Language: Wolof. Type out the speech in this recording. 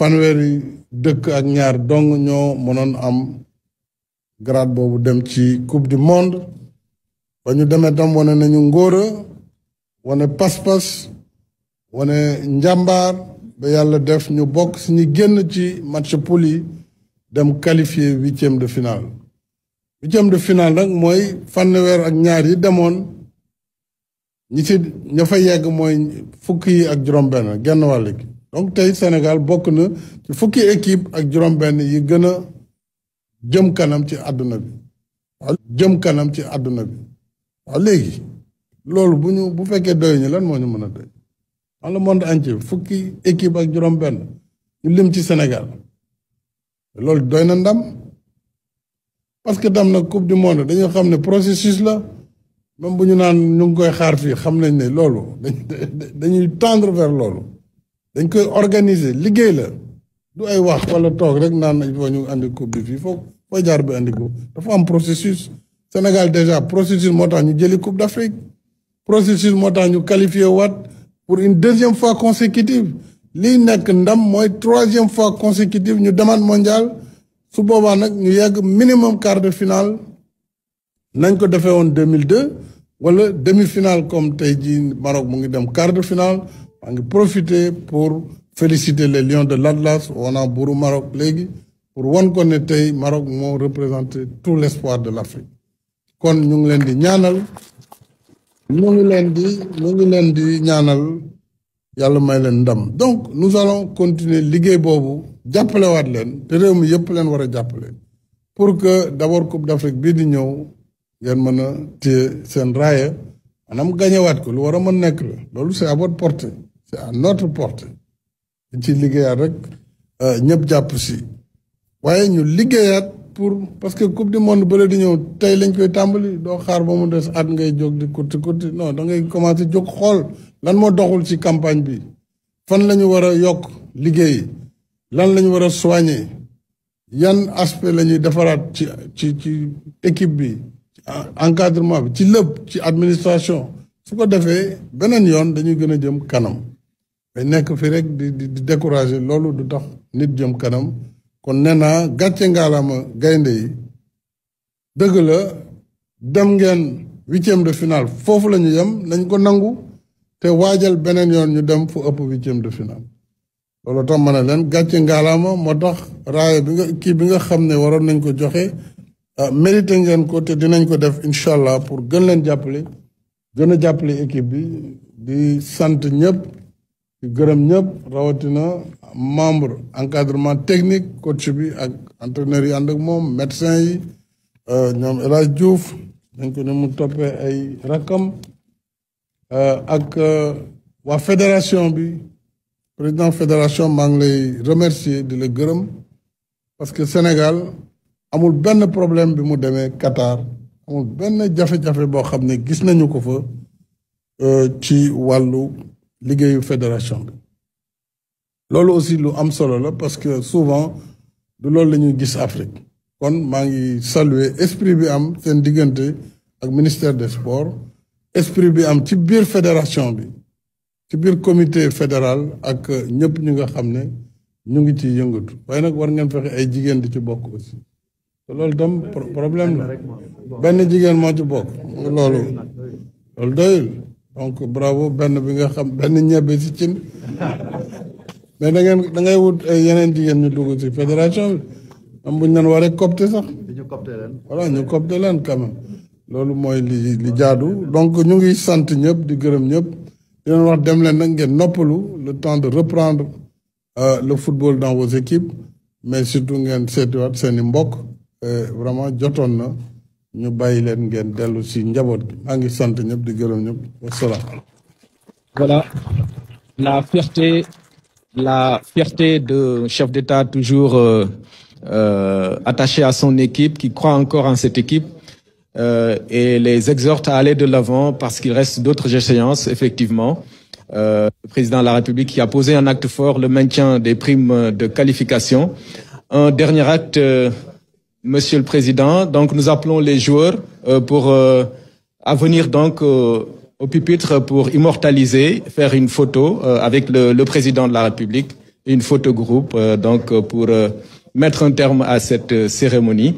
fanweeri dëkk ak ñaar dong ñoo mënoon am grade boobu dem ci coupe du monde ba ñu demee tam wane nañu ngóora wane pas-pas wane njàmbaar ba yàlla def ñu bokk si ñu génn ci match poule dem qualifié huitième de finale huitième de finale nag mooy fanweer ak ñaar yi demoon ñi ci ña fa yegg mooy fukk yi ak juróom-benn genn wàll gi donc tey Sénégal bokk na ci fukki équipe ak juróom-benn yi gën a jëm kanam ci àdduna bi waaw jëm kanam ci àdduna bi waaw léegi loolu bu ñu bu fekkee doy ñu lan moo ñu mën a doy dans le monde entier fukki équipe ak juróom-benn ñu lim ci Sénégal loolu doy na ndam parce que dam na coupe du monde dañoo xam ne processus la moom bu ñu naan ñu ngi koy xaar fii xam nañ ne loolu dañuy tendre vers loolu. dañ koy organiser liggéey la du ay wax wala toog rek naan il faut ñu andi coupe bi fii foo foo jaar bi andi ko dafa am processus Sénégal déjà processus moo tax ñu jëli coupe d'Afrique processus moo tax ñu qualifier wat pour une deuxième fois consécutive lii nekk ndam mooy troisième fois consécutive ñu demande mondial su boobaa nag ñu yegg minimum quart de finale nañ ko defee woon 2002 wala demi-finale comme tey jii Maroc mu ngi dem quart de finale maa profiter profité pour féliciter les lions de l'Atlas a buru Maroc léegi pour wan ko ne Maroc m'ont représenté tout l'espoir de l'Afrique kon ñu ngi leen di ñaanal ñu ngi leen di ñu ngi di ñaanal may leen ndam donc nous allons continuer liggéey bobo jàppalewaat leen te réew mi yëpp leen pour que d'abord Coupe d'Afrique bidinio, di ñëw ngeen mën a téye seen raaya maanaam gañewaat ko lu war a mën c'est à votre portée c'est à notre porte ci liggéeyaat rek euh, ñëpp jàpp si waaye ñu liggéeyaat pour parce que coupe du monde bële di ñëw tey lañ koy tàmbali doo xaar ba mu des at ngay jóg di kurti kurti non da ngay commencé jóg xool lan moo doxul ci campagne bi fan la ñu war a yokk liggéey lan la war a soigner yan aspect la defaraat ci ci ci équipe bi encadrement bi ci lépp ci administration su ko defee beneen yoon dañuy gën a jëm kanam mais nekk fi rek di di décourager loolu du tax nit jëm kanam kon nee naa gàcce gaynde yi la dem ngeen huitième de finale foofu la ñu yem ko nangu te waajal beneen yoon ñu dem huitième de finale loolu tax ma pour gën leen jàppale équipe bi di gërëm rawatina membre encadrement technique coach bi ak entraîneur médecin yi fédération président fédération maa remercier de parce que Sénégal amul benn problème bi mu Qatar amul gis nañu ko fa euh, ci liggéeyu fédération lolu aussi lu am solo la parce que souvent du lolu la ñuy gis Afrique kon ma ngi saluer esprit bi am sen diggante ak ministère des sports esprit bi am ci bir fédération bi ci biir comité fédéral ak ñëpp ñu nga xam ñu ngi ci yëngatu way nak war ngeen fexé ay jigéen di ci bokk aussi te loolu problème la benn jigéen moo ci bokk lolu lolu doyul donc bravo benn bi nga xam benn ñebe si cin mais da ngeen da ngay wut ay yeneen jigéen ñu dugg si fédération bi am bu ñu leen waree copte sax. ñu copte leen. voilà ñu copte leen quand même loolu mooy li li jaadu donc ñu ngi sant ñëpp di gërëm ñëpp di leen wax dem leen nag ngeen noppalu le temps de reprendre euh, le football dans vos équipes mais surtout ngeen seetiwaat seen i mbokk euh, vraiment jotoon na voilà la fierté la fierté de chef d'État toujours euh, euh, attaché à son équipe qui croit encore en cette équipe euh, et les exhorte à aller de l'avant parce qu'il reste d'autres échéances effectivement. le président de la République qui a posé un acte fort, le maintien des primes de qualification. Un dernier acte Monsieur le Président. Donc, nous appelons les joueurs euh, pour euh, à venir donc euh, au pupitre pour immortaliser, faire une photo avec le, le, président de la République, une photo groupe, donc pour mettre un terme à cette cérémonie.